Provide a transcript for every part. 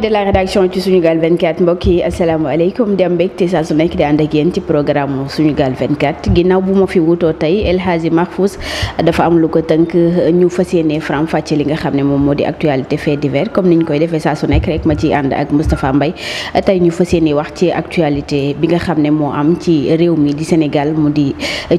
point de la rédaction ci suñu Sunugal 24 mbokk yi asalaamaaleykum dem mbégte saa su nekk di ànd ak yéen ci programme Sunugal 24 ginnaaw bu ma fi wutoo tey El Hadji Mahfous dafa am lu ko tënk ñu fas yéene faram fàcce li nga xam ne moom moo di actualité fait divers comme niñ koy defee saa su nekk rek ma ciy ànd ak Moustapha Mbaye tey ñu fas yéene wax ci actualité bi nga xam ne moo am ci réew mi di Sénégal mu di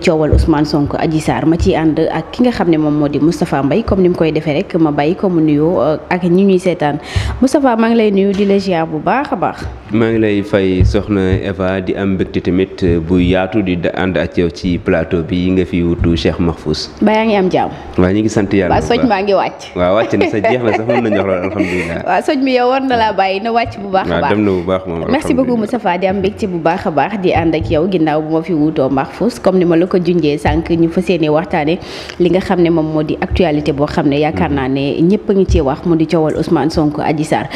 coowal Ousmane Sonko Adji Sarr ma ciy ànd ak ki nga xam ne moom moo di Moustapha mbay comme ni mu koy defee rek ma bàyyi ko mu nuyoo ak ñu ñuy seetaan Moustapha maa ngi lay lay nuyu di la bu baax a baax. maa ngi lay fay soxna Eva di am mbégte tamit eh, buy yaatu di ànd ak yow ci plateau bi nga fi wutu Cheikh Mahfous. ba yaa ngi am jàmm. waaw ñu ngi sant yàlla bu baax soj maa ngi wàcc. waa wàcc na sa jeex na sax mën nañu wax loolu yow war na laa bàyyi na wàcc bu baax a baax waaw dem na bu baax moom merci beaucoup Moustapha di am mbégte bu baax a baax di ànd ak yow ginnaaw bu ma fi wutoo Mahfous comme ni ma la ko junjee sànq ñu fas yéene waxtaane li nga xam ne moom moo di actualité boo xam ne yaakaar mm-hmm. naa ne ñëpp a ngi ci wax mu di coowal Ousmane Sonko Adji Sarr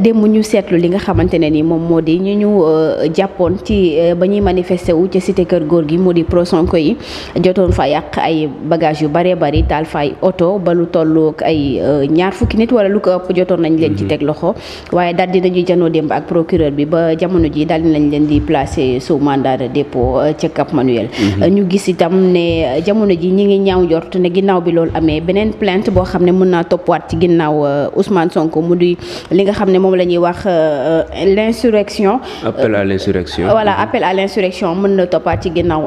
démb ñu seetlu li nga xamante ne nii moom moo di ñu ñu euh, jàppoon ci euh, ba ñuy manifester wu ca cité kër góor gi moo di pro Sonko yi jotoon fa yàq ay bagages yu baree bari taal fay oto ba lu toll ay euh, ñaar fukki nit wala lu ko jotoon nañ leen ci mhm. teg loxo waaye daal di nañuy janoo démb ak procureur bi ba jamono ji daal di nañ leen di placer sous mandat de dépôt ca Cap Manuel. Mhm. ñu gis itam ne jamono ji ñu ngi ñaaw jort ne ginnaaw bi loolu amee beneen plainte boo xam ne mën naa toppwaat ci ginnaaw Ousmane Sonko mu di li nga xam ne moom la ñuy wax euh, euh, l' insurrection. appel à l' insurrection. voilà appel à l' insurrection mën na toppaat ci ginnaaw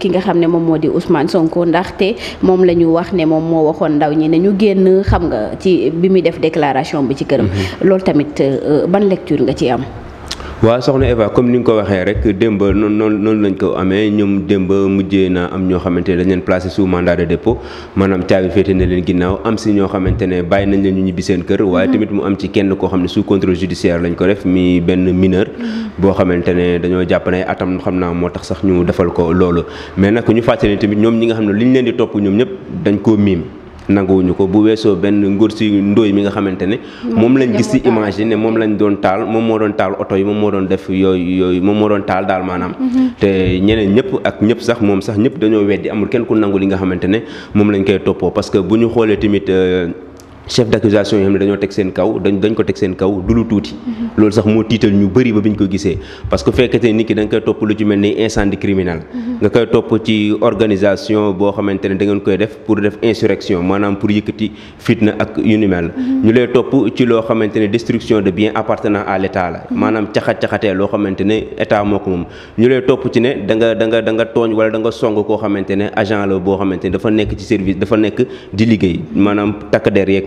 ki nga xam ne moom moo di Ousmane Sonko ndaxte moom la ñu wax ne moom moo waxoon ndaw ñi ne ñu génn xam nga ci bi muy def déclaration bi ci këram. Mm-hmm. loolu tamit euh, ban lecture nga ci am. waaw soxna Eva comme ni nga ko waxee rek démb noonu noonu noonu lañ ko amee ñoom démb mujjee na am ñoo xamante ne dañ leen placé sous mandat de dépôt maanaam caabi féete na leen ginnaaw am si ñoo xamante ne bàyyi nañ leen ñu ñibbi seen kër waaye tamit mu am ci kenn koo xam ne su contrôle judiciaire lañ ko def mi benn mineur mm-hmm. boo xamante ne dañoo jàpp ne atam xam naa moo tax sax ñu defal ko loolu mais nag ñu fàttali tamit ñoom ñi nga xam ne li ñu leen di topp ñoom ñëpp dañ koo miim nanguwuñu ko bu weesoo benn ngóor si ndóoy mi nga xamante ne moom lañ gis ci image ne moom lañ doon taal moom moo doon taal oto yi moom moo doon def yooyu yooyu moom moo doon taal daal maanaam mm-hmm. te ñeneen ñëpp ak ñëpp sax moom sax ñëpp dañoo weddi amul kenn ku nangu li nga xamante ne moom lañ koy toppoo parce que bu ñu xoolee tamit euh, chef d'accusation yi xam ne dañoo teg seen kaw dañ dañ ko teg seen kaw du lu tuuti mhm. loolu sax moo tiital ñu bëri ba bi ñu ko gisee parce que fekkete nit ki da nga koy topp lu ci mel ni incendie criminel mhm. nga koy topp ci organisation boo xamante ne da ngeen koy def pour def insurrection maanaam pour yëkkati fitna ak yu ni mel mhm. ñu lay topp ci loo xamante ne destruction de biens à l'état la maanaam caxat loo xamante ne état moo ko moom ñu lay topp ci ne da nga da nga da nga tooñ wala da nga song koo xamante ne agent la boo xamante ne dafa nekk ci service dafa nekk di liggéey maanaam takk der yeeg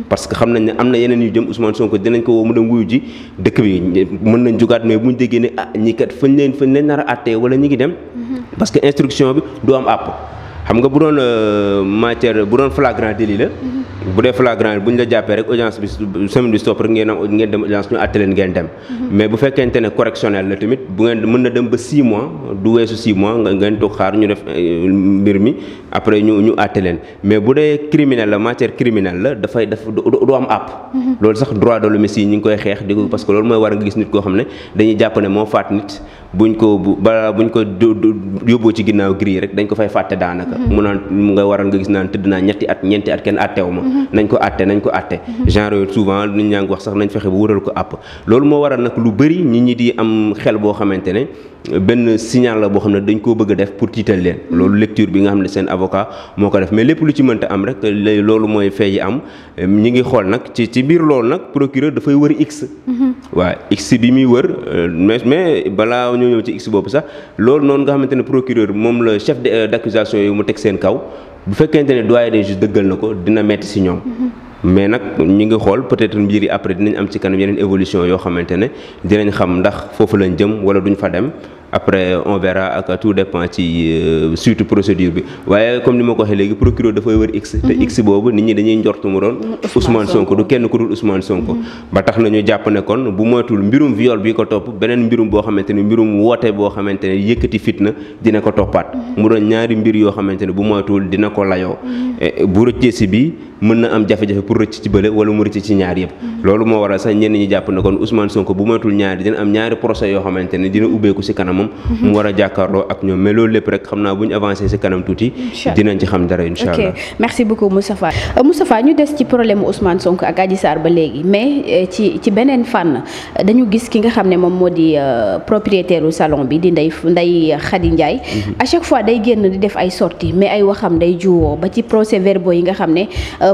parce que xam na ne am na yeneen yu jëm Ousmane Sonko dinañ ko woo mu dem wuyu ji dëkk bi mën nañ jugaat mais buñ déggee ne ah ñi kat fañ leen fañ leen nar a àttee wala ñi ngi dem mm-hmm. parce que instruction bi du am àpp xam nga bu doon euh, matière bu doon flagrant délit la mm-hmm. bu dee flagrant bu ñu la jàppee rek audience bi semaine bi stop rek ngeen am ngeen dem audience ñu àtte leen ngeen dem. Mhm. mais bu fekkente ne correctionnel la tamit bu ngeen mën na dem ba 6 mois du weesu 6 mois nga ngeen toog xaar ñu def euh, mbir mi après ñu ñu àtte leen mais bu dee criminel la matière criminelle la dafay daf du am àpp. Mhm. loolu sax droit de l'homme yi ñu ngi koy xeex di ko parce que loolu mooy war nga gis nit koo xam ne dañuy jàpp ne moo faat nit. buñ ko bu balaa buñ ko yóbboo ci ginnaaw gri rek dañ ko fay fàtte daanaka. Mhm. mu naan mu nga waral nga gis naan tëdd naa ñetti at ñeenti at kenn àtteewu ma. Mhm. nañ ko àtte nañ ko àtte. Mhm. genre yooyu souvent lu ñu wax sax nañ fexe bu wëral ko àpp loolu moo waral nag lu bari nit ñi di am xel boo xamante ne benn signal la boo xam ne dañ koo bëgg def pour tiital leen. loolu lecture bi nga xam ne seen avocat moo ko def mais lépp lu ci mënta am rek loolu mooy fee am ñi ngi xool nag ci ci biir loolu nag procureur dafay wër x. waaw ñoo ñëw ci x boobu sax loolu noonu nga xamante ne procureur moom la chef d' euh, accusation yooyu mu teg seen kaw bu fekkente ne doyen des juges dëggal na ko dina metti si ñoom mais nag ñu ngi xool peut-être mbir yi après dinañ am ci kanam yeneen évolution yoo xamante ne dinañ xam ndax foofu lañ jëm wala duñ fa dem après on verra ak tout dépend ci euh, suite procédure bi waaye comme ni ma ko waxee léegi procureur dafay wër x te mhm. x boobu nit ñi dañuy njortu mu doon Ousmane Sonko du kenn ku dul Ousmane Sonko mhm. ba tax na ñu jàpp ne kon bu moytul mbirum viol bi ko topp beneen mbirum boo xamante ne mbirum woote boo xamante ne yëkkati fitna dina ko toppaat mhm. mu doon ñaari mbir yoo xamante ne bu moytul dina ko layoo eh, bu bi mën na am jafe pour rëcc ci bële wala mm-hmm. mm-hmm. a jàkkaarloo ak ñoom euh, ñu des ci problème Ousmane Sonko ak Adji ba léegi mais euh, ci beneen fànn dañu gis ki nga xam ne moom moo di euh, propriétaire u salon bi di Ndeye Ndeye Khady Ndiaye mm-hmm. à chaque fois day génn di def ay sorties mais ay waxam day juwoo ba ci procès verbaux yi nga xam ne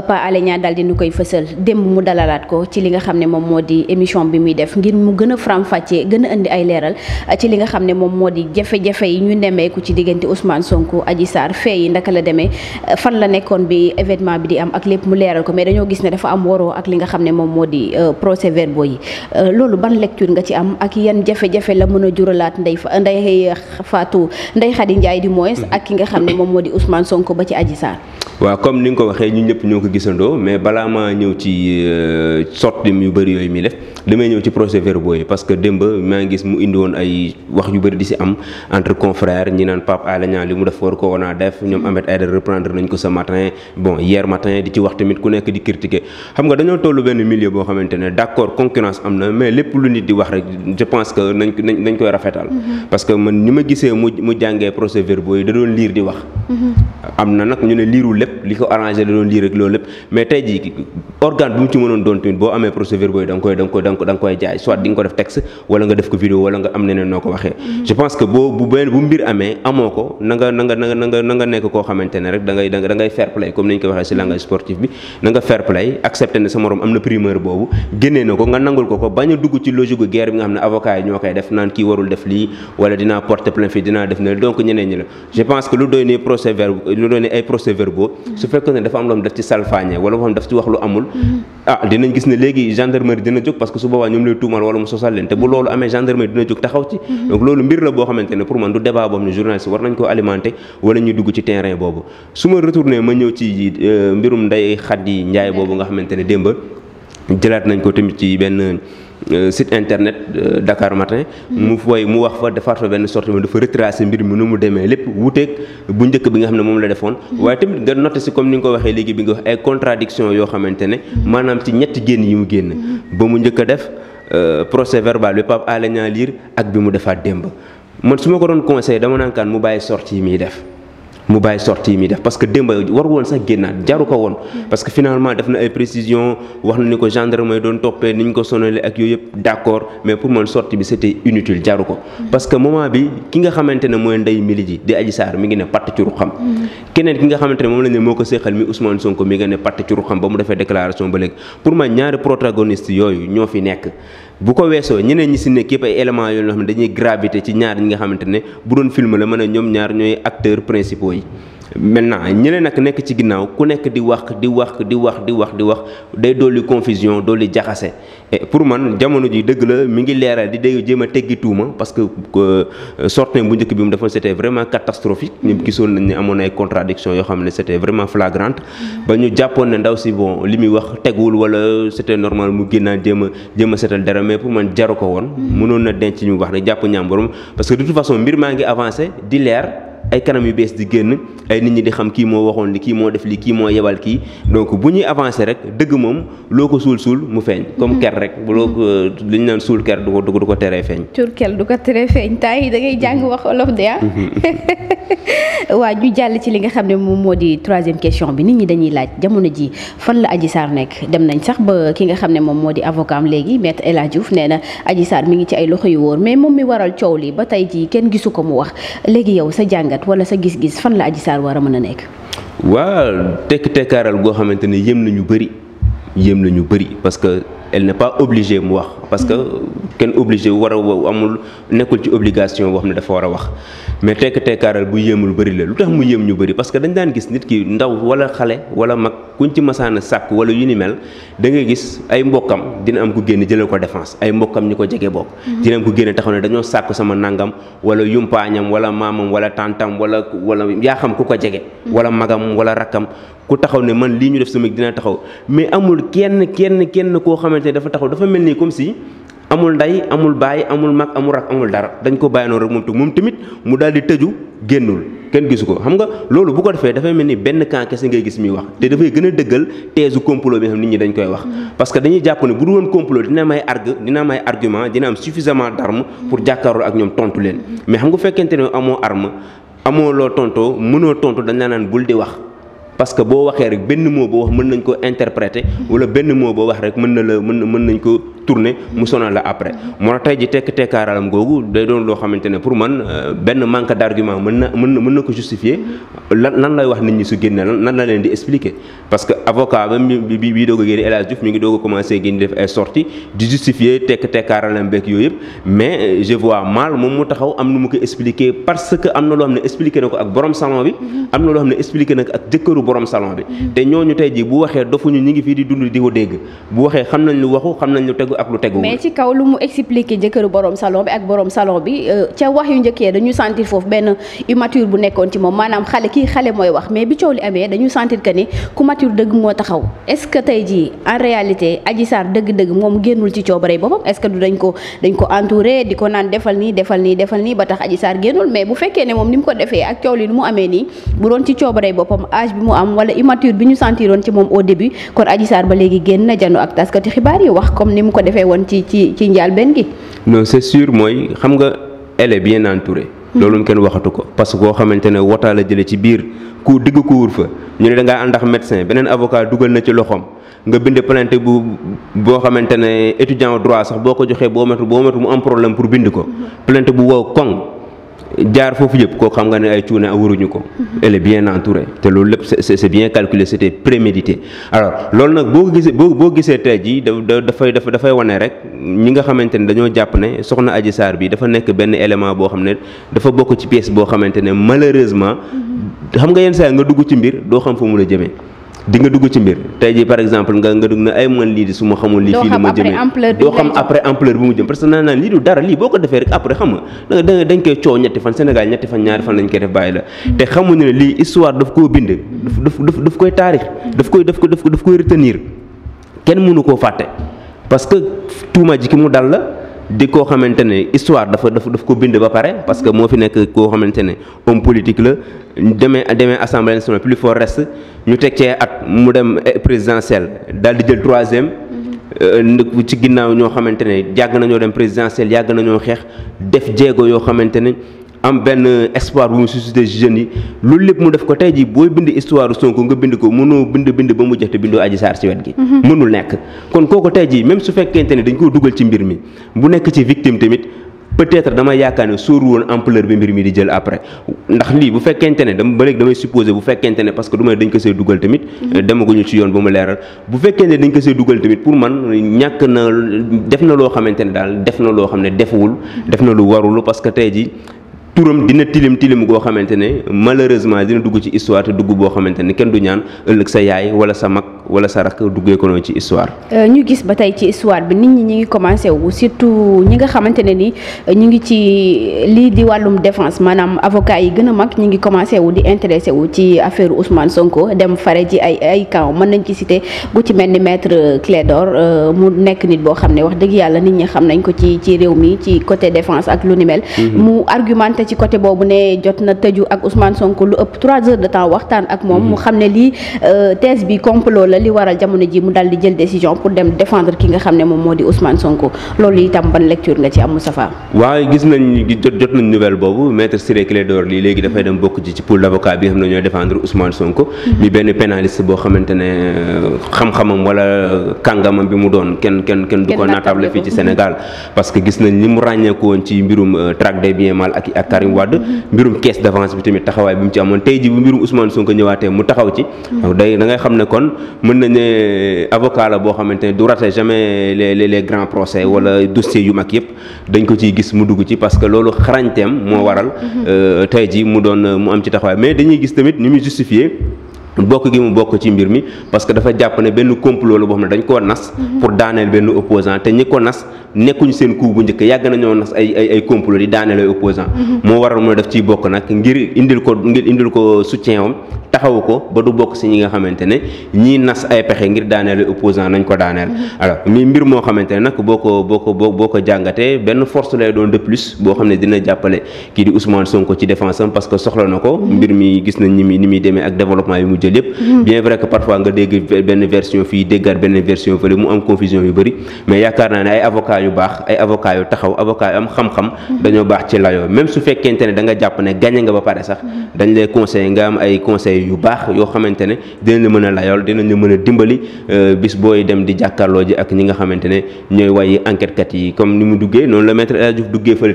Pa Alé Niang dal di ñu koy fësal démb mu dalalaat ko ci li nga xam ne moom moo di émission bi muy def ngir mu gën a faram-fàccee gën a indi ay leeral ah, ci li nga xam ne moom moo di jafe-jafe yi ñu nemmeeku ci diggante Ousmane Sonko Adji Sarr fee yi ndaka la demee ah, fan la nekkoon bi événement bi di am ak lépp mu leeral ko mais dañoo gis ne dafa am waroo ak li nga xam ne moom moo di euh, procès verbaux yi euh, loolu ban lecture nga ci am ak yan jafe la mën a juralaat ndey ndey Fatou Ndeye Khady Ndiaye di moins ak ki nga xam ne moom moo di Ousmane Sonko ba ci aji Sarr waaw comme ni nga ko waxee ñun ñëpp ñoo ko gisandoo balaa maa ñëw ci euh, sotti yu bëri yooyu mi def damay ñëw ci procès verbaux yi parce démb maa ngi mu indi woon ay wax yu bëri di si am entre confrères ñi naan Pape Alé Niang li mu def war ko woon a def ñoom Ahmed Aïdara reprendre nañ ko ce matin bon hier matin di ci wax tamit ku nekk di critiquer xam nga dañoo toll benn milieu boo xamante ne d'accord concurrence am na mais lépp lu nit di wax rek je pense que nañ nañ nañ koy rafetal. Mm-hmm. parce que man ñi ma gisee m mu jàngee procès yi da doon liir di wax. Mm-hmm. am na nag ñu ne organe bu mu ci mënoon doon tamit boo amee procès verbaux yi da koy da koy da koy jaay soit di ko def texte wala nga def ko vidéo wala nga am neneen noo ko waxee mm-hmm. je pense que boo bu mbir amee amoo ko na nga nekk koo xamante ne rek da ngay fair play comme ni ñu koy waxee si langage sportif bi na fair play accepté ne sa morom am na primeur boobu génnee na ko nga nangul ko ko bañ dugg ci logique gu guerre bi nga xam ne ci wax lu amul mhm. ah dinañ gis ne léegi gendarmerie dina jóg parce que su boobaa ñoom lay tuumal wala mu sosal leen te bu loolu amee gendarmerie dina jóg taxaw ci mhm. donc loolu mbir la boo xamante ne pour man du débat boobu ne journaliste war nañ ko alimenter wala ñuy dugg ci terrain boobu su ma retourné ma ñëw ci euh, mbirum Ndeye Khady Ndiaye boobu nga xamante ne démb jëlaat nañ ko tamit ci benn Euh, site internet euh, Dakar Matin. mu mm-hmm. fooy mu wax fa defaat fa benn sorte bi dafa retracé mbir mi nu mu demee lépp wuuteeg bu njëkk bi nga xam ne moom la defoon. Mm-hmm. waaye tamit nga noté si comme ni nga ko waxee léegi bi nga wax ay contradiction yoo xamante ne. Mm-hmm. maanaam ci ñetti génn yi mu génn. ba mu njëkk a def euh, procès verbal bi Pape Alé liir ak bi mu defaat démb man su ma ko doon conseil dama naan kaan mu bàyyi sortie yi muy def. mu bàyyi sortie yi muy def parce que démb war woon sax génnaat jaru ko woon parce finalement def na ay précision wax na ni ko gendarme yi doon toppee ni ñu ko sonalee ak yooyu yëpp d'accord mais pour man sortie bi c'était inutile jaru ko parce que moment bi ki nga xamante ne mooy ndey mili ji di Adji Sarr mi ngi ne patt ci ruxam keneen ki nga xamante ne moom la moo ko séqal mi Ousmane Sonko mi nga ne patt ci ruxam ba mu defee déclaration ba léegi pour man ñaari nekk bu ko weesoo ñeneen ñi si nekk yëpp ay éléments yoo xam ne dañuy gravité ci ñaar ñi nga xamante ne bu doon film la mën a ñoom ñaar ñooy acteurs principaux yi maintenant ñeneen nag nekk ci ginnaaw ku nekk di wax di wax di wax di wax di wax day dolli confusion dolli jaxase pour man jamono ji dëgg la mi ngi leeral di day jéem a teggi tuuma parce que euh, sortie bu njëkk bi mu defoon c'était vraiment catastrophique ñëpp gisoon nañ ne amoon ay contradiction yoo xam ne c'était vraiment flagrante ba ñu jàppoon ne ndaw si bon li muy wax tegwul wala c'était normal mu génnaan jéem a jéem a setal dara mais pour man jaru ko woon mm-hmm. mënoon na denc ñu wax rek jàpp ñaam borom que de maa ngi avancé di leer ay kanam yu bees di génn ay nit ñi di xam kii moo waxoon li kii moo def li kii moo yebal kii donc bu ñuy avancé rek dëgg moom loo ko suul suul mu feeñ. comme mhm. ker rek bu loo ko li ñu naan suul ker du ko du ko teree feeñ. suul ker du ko teree feeñ tay da ngay jàng mhm. wax olof de ah. Mhm. waa ñu jàll ci li nga xam ne moom moo di troisième question bi nit ñi dañuy laaj jamono ji fan la Adji Sarr nekk dem nañ sax ba ki nga xam ne moom moo di avocam am léegi maître El Hadj Diouf nee na Adji Sarr mi ngi ci ay loxo yu wóor mais moom mi waral coow li ba tey jii kenn gisu ko mu wax léegi yow sa jàngat jàngat wala sa gis-gis fan la Adji Sarr war a mën a nekk. waa tekk tekkaaral goo xamante ne na ñu bëri yëm nañu bëri parce que. elle n'est pas obligée mu wax parce que kenn obligé war a amul nekkul ci obligation boo xam ne dafa war a wax mais tekk tekkaaral bu yéemul bari la lu tax mu yéem ñu bëri parce que dañ daan gis nit ki ndaw wala xale wala mag kuñ ci masaana sàkk wala yu ni mel da ngay gis ay mbokkam dina am ku génn jëlal ko défense ay mbokkam ñi ko jege bokk mm-hmm. dina am ku génn taxaw ne dañoo sàkk sama nangam wala yumpaañam wala maamam wala tantam wala wala yaa xam ku ko jege mm-hmm. wala magam wala rakkam ku taxaw ne man lii ñu def sumik dina taxaw mais amul kenn kenn kenn koo xamante ne dafa taxaw dafa mel nii comme si amul ndey amul bàyyi amul mag amul rak amul dara dañ ko bàyyi noonu rek moom te moom tamit mu daal di tëju génnul kenn gisu ko xam nga loolu bu ko defee dafay mel ni benn camp kese ngay gis muy wax te dafay gën a dëggal teesu complot nit ñi dañ koy wax. Mm-hmm. parce que dañuy jàpp ne bu dul woon complot dina may argue dina may argument dina am suffisamment d'arme pour mm-hmm. jàkkaarloo ak ñoom tontu leen mm-hmm. mais xam nga fekkente ne amoo arme amoo loo tontoo mënoo tontu dañ la naan bul di wax. parce que boo waxee rek benn moo boo wax mën nañ ko interpréter wala benn mot boo wax rek mën na la mën mën nañ ko tourner mu sonal la après moo tax tey ji tekk tekkaaralam googu day doon loo xamante ne pour man euh, benn manque d'argument mën na mën na mën na ko justifier lan lan lay wax nit ñi su génne lan na leen di expliquer parce que avocat ba bi bii doog génne El Hadj Diouf mi ngi doog a commencé génn def ay sorties di justifier tekk tekkaaralam beeg yooyu yëpp mais euh, je vois mu taxaw am nu mu ko expliquer que na loo xam ne expliqué na ko ak borom borom salon bi te ñooñu tey ji bu waxee dofuñu ñi ngi fii di dund di ko dégg bu waxee xam nañ lu waxu xam nañ lu tegu ak lu tegu mais euh, foofu benn immature bu nekkoon ci moom maanaam xale kii xale mooy wax mais bi coow li amee dañu sentir que ni ku moo taxaw est-ce que tey ji en réalité moom génnul ci coobarey boppam est-ce que du dañ ko ko entouré di ko naan defal nii nii defal nii ni mu ko defee ak coow li mu amee nii bu doon ci coobarey boppam âge bi am wala immature bi ñu sentiroon ci moom au début kon Adji Sarr ba léegi génn na jano ak taskati xibaar yi wax comme ni mu ko defee woon ci ci ci njaal benn gi. non c'est sûr mooy xam nga elle est naan ture hmm. loolu kenn waxatu ko parce que koo xamante ne wotaa la jëlee ci biir ku digg ku wur fa ñu ne da ngaa ànd ak médecin beneen avocat dugal na ci loxoom nga bind plainte bu boo xamante ne étudiant droit sax boo ko joxee boo metu boo metu mu am problème pour bind ko hmm. plainte bu wow koŋ. jaar foofu yëpp koo xam nga ne ay cuune waruñu ko. Mhm. elle bien entourée te loolu lépp c' est bien calculé c' prémédité alors loolu nag boo gisee boo boo gisee tey jii da dafay dafay wane rek ñi nga xamante ne dañoo jàpp ne soxna aji Sarr bi dafa nekk benn élément boo xam ne dafa bokk ci pièce boo xamante ne malheureusement. Mhm. xam nga yenn saa nga dugg ci mbir doo xam fu mu la jëmee. di nga dugg ci mbir tey ji par exemple nga nga dugg na ay man lii di su ma xamoon lii fii la ma jëmee doo xam après ampleur bi mu jëm parce que naa naan lii du dara lii boo ko defee rek après xam nga da dañ koy coow ñetti fan Sénégal ñetti fan ñaari fan lañ koy def bàyyi la te xamuñu ne lii histoire daf koo bind daf daf daf koy taarix daf koy daf koy retenir kenn mënu koo fàtte parce que tuuma ji ki mu dal la di koo xamante ne histoire dafa dafa daf ko bind ba pare parce que moo fi nekk koo xamante ne homme politique la demee demee assemblée nationale plus fort reste ñu teg cee at mu dem e, présidentielle dal di jël troisième. Mm-hmm. Euh, ci ginnaaw ñoo xamante ne jàgg nañoo dem présidentielle yàgg nañoo xeex def jéego yoo xamante ne. am benn espoir bu mu suscité jeunes yi loolu lépp mu def ko tey ji booy bind histoire Sonko nga bind ko mënoo bind bind ba mu jeex te bindoo Adji Sarr ci gi mhm. mënul nekk kon kooku tey ji même su fekkente ne dañ koo dugal ci mbir mi bu nekk ci victime tamit peut-être dama yaakaar ne sóoru woon ampleur bi mbir mi di jël après ndax lii bu fekkente ne dama ba léegi damay supposé bu fekkente ne parce que du ma ne dañ ko see dugal tamit mhm. euh, demaguñu ci yoon ba mu leeral bu fekkente ne dañ ko see dugal tamit pour man ñàkk na def na loo xamante ne daal def na loo xam ne deful mhm. turam dina tilim tilim goo xamante ne malheureusement dina dugg ci histoire te dugg boo xamante ne kenn du ñaan ëllëg sa yaay wala sa mag wala sa rakk duggee ko noonu ci histoire. Euh, ñu gis ba tey ci histoire bi nit ñi ñu ngi commencé wu surtout ñi nga xamante ne ni euh, ñu ngi ci lii di wàllum défense maanaam avocat yi gën a mag ñu ngi commencé wu di intéressé wu ci affaire Ousmane Sonko dem fare ji ay ay camp mën nañ ci site gu ci mel ni maître Clédor euh, mu nekk nit boo xam ne wax dëgg yàlla nit ñi xam nañ ko ci ci réew mi ci côté défense ak ci côté boobu ne jot na tëju ak Ousmane Sonko lu ëpp trois heures de temps waxtaan ak moom mm-hmm. mu xam ne lii euh, thèse bi complot la li waral jamono ji mu daal di jël décision pour dem defendre ki nga xam ne moom moo di Ousmane Sonko loolu itam ban lecture nga ci am Moustapha waaye gis nañ jot jot nañ nouvelle boobu maître Ciré Clédor Ly léegi dafay dem bokk ci ci pour l'avocat bi nga xam ne ñooy défendre mm-hmm. benn pénaliste boo xamante ne euh, xam-xamam wala euh, kàngamam bi mu doon kenn kenn kenn du ko naatable fii ci Sénégal mm-hmm. parce que gis nañ ni mu ràññeeku woon ci mbirum traque des biens mal acquis ak Karim Wade mbirum caisse d'avance bi tamit taxawaay bi mu ci amoon tey ji bi mbirum Ousmane Sonko ñëwaatee mu taxaw ci donc ngay xam ne kon mën na ne avocat la boo xamante ne du raté jamais les les grands procès wala dossiers yu mag yëpp dañ ko ciy gis mu dugg ci parce que loolu xarañteem moo waral mm-hmm. euh, tey ji mu doon mu am ci taxawaay mais dañuy gis tamit ni muy justifier bokk gi mu bokk ci mbir mi parce que dafa jàpp ne benn complot la boo xam ne dañ koo nas mhm. pour daaneel benn opposant te ñi ko nas nekkuñ seen coup bu njëkk yàgg nañoo nas ay ay ay complot di daaneel ay opposant mhm. moo waral mu ne daf ciy bokk nag ngir indil ko ngir indil ko soutien am taxawu ko ba du bokk si ñi nga xamante ne ñii nas ay pexe ngir daaneel ay opposant nañ ko daaneel mhm. alors mbir moo xamante ne nag boo ko boo ko boo ko jàngatee benn force lay doon de plus boo xam ne dina jàppale kii di Ousmane Sonko ci défense am parce que soxla yi mu expliquer lépp mm-hmm. bien vrai que parfois nga dégg benn version fii déggaat benn version fële mu am confusion yu bëri mais yaakaar naa ne ay avocat yu baax ay avocat yu taxaw avocat yu am xam-xam mm-hmm. dañoo baax ci layoo même su fekkente ne da nga jàpp ne gagné nga ba pare sax mm-hmm. dañ lay conseil nga am ay conseil yu baax yoo xamante ne dinañ la mën a layool dinañ la mën a dimbali euh, bis booy dem di jàkkaarloo ji ak ñi nga xamante ne ñooy waaye enquête kat yi comme ni mu duggee noonu la maître El Hadj Diouf duggee fële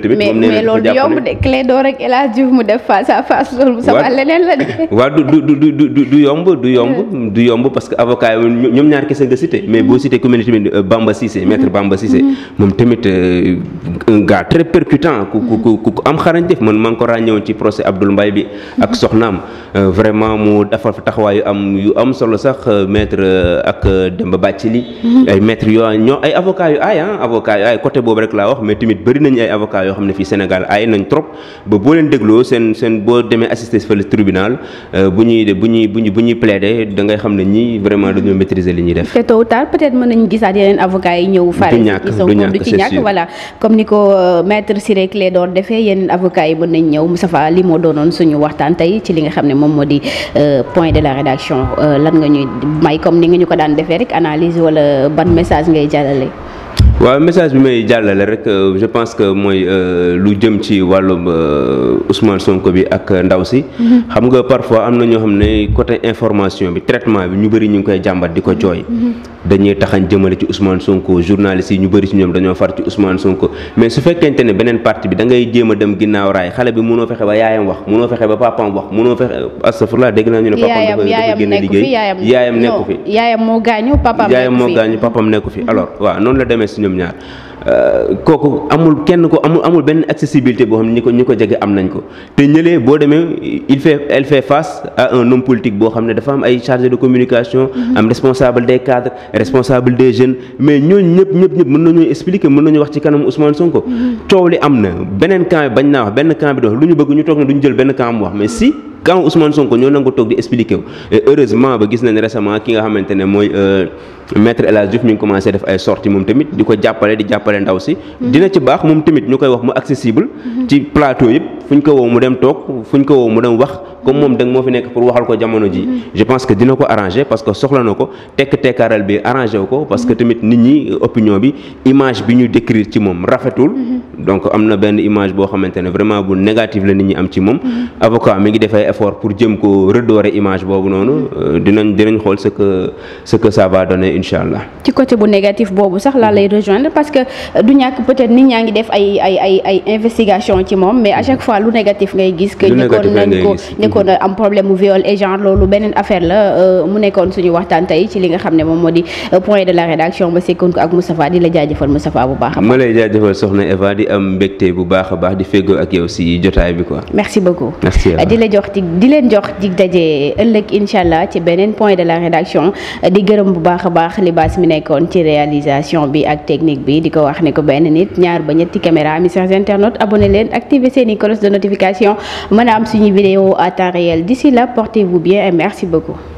yomb du yomb mm. du yomb parce que avocat yi ñoom ñaar kese nga cité mais boo cité ku mel ni tamit euh, Bamba man maa ngi ko ràññewoon ci procès Abdoul Mbaye bi ak mm-hmm. euh, mu dafa taxawaay am yu am solo sax euh, maître ak Demba Bathily mm-hmm. ay maître yoo ñoo ay avocat yu aay ah boobu rek laa wax mais tamit bëri nañu ay avocat yoo xam ne fii Sénégal aay nañ trop ba boo leen dégloo seen seen boo demee assister fële tribunal bu ñuy bu ñuy ñooñu bu ñuy plaider da ngay xam ne ñii vraiment dañoo maîtriser li ñuy def. te tôt ou tard peut-être mën nañu gisaat yeneen avocats yi ñëw. faral di du ci ñàkk voilà comme ni ko euh, maître Ciré Clédor defee yeneen avocats yi mën nañ ñëw Moustapha li moo doonoon suñu waxtaan tey ci li nga xam ne moom moo di euh, point de la rédaction euh, lan nga ñuy may comme ni nga ñu ko daan defee rek analyse wala ban message ngay jàllale. waaw message bi may jàllale rek euh, je pense que mooy euh, lu jëm ci wàllum euh, Ousmane Sonko bi ak ndaw si. Mm-hmm. xam nga parfois am na ñoo xam ne côté information bi traitement bi ñu bëri ñu ngi koy jàmbat di ko jooy. Mm-hmm. dañuy taxañ jëmale ci Ousmane Sonko journaliste yi ñu bëri si ñoom dañoo far ci Ousmane Sonko mais su fekkente ne beneen parti bi da ngay jéem a dem ginnaaw raay xale bi mënoo fexe ba yaayam wax mënoo fexe ba papaam wax mënoo fexe astafurlah dégg naa ñu ne papaam dafa génn liggéey yaayam nekku fi yaayam moo gaañu papaam nekku fi alors waaw noonu la demee si ñoom ñaar Euh, kooku amul kenn ko amul amul benn accessibilité boo xam ne ñi ko ñu ko jege am nañ ko te ñëlee boo demee il fait elle fait face à un homme politique boo xam ne dafa am ay chargé de communication mhm. am responsable de cadres responsable des jeunes mais ñooñu ñëpp ñëpp ñëpp mën nañoo expliquer mën nañu wax ci kanam Ousmane Sonko mhm. coow li am na beneen camp bañ naa wax benn camp bi di wax lu ñu bëgg ñu toog ne du ñu jël benn camp mu wax mais si quand Ousmane Sonko ñoo nangu toog di expliqué heureusement ba gis nañ récemment ki nga xamante ne mooy euh, maître El Hadj Diouf mi ngi commencé def ay sorties moom tamit di ko jàppale di jàppale ndaw si. Mm-hmm. dina ci baax moom tamit ñu koy wax mu accessible. Mm-hmm. ci plateau yëpp fu ñu ko woo mu dem toog fu ñu ko woo mu dem wax. comme moom da moo fi nekk pour waxal ko jamono ji mm-hmm. je pense que dina ko arrangé parce que soxla na ko tekk tekkaaral bi arrangé ko parce que tamit nit ñi opinion bi image bi ñu décrire ci moom rafetul mm-hmm. donc am na benn image boo xamante ne vraiment bu négative la nit ñi ci moom mm-hmm. avocat mi ngi defay effort pour jëm ko redorer image boobu noonu euh, dinañ dinañ xool ce que ce que incha allah ci côté bu négatif boobu sax laa lay rejoindre que euh, du ñàkk peut-être nit ñaa ngi ci moom mais à chaque fois lu négatif ngay gis que ñi ko ko ko na euh, am problème mu viol et genre loolu beneen affaire la euh, mu nekkoon suñu moom moo di euh, point de la rédaction ba di la bu baax a baax. ma lay jaajëfal soxna di am jox di leen jox dig daje ëllëg incha allah ci beneen point de la rédaction di gërëm bu baax a baax li baas mi nekkoon ci réalisation bi ak technique bi di ko wax ne ko benn nit ñaar ba ñetti caméra mi chers internautes abonné leen activer seen i cloche de notification mën a am suñu vidéo temps réel. D'ici là, portez-vous bien et merci beaucoup.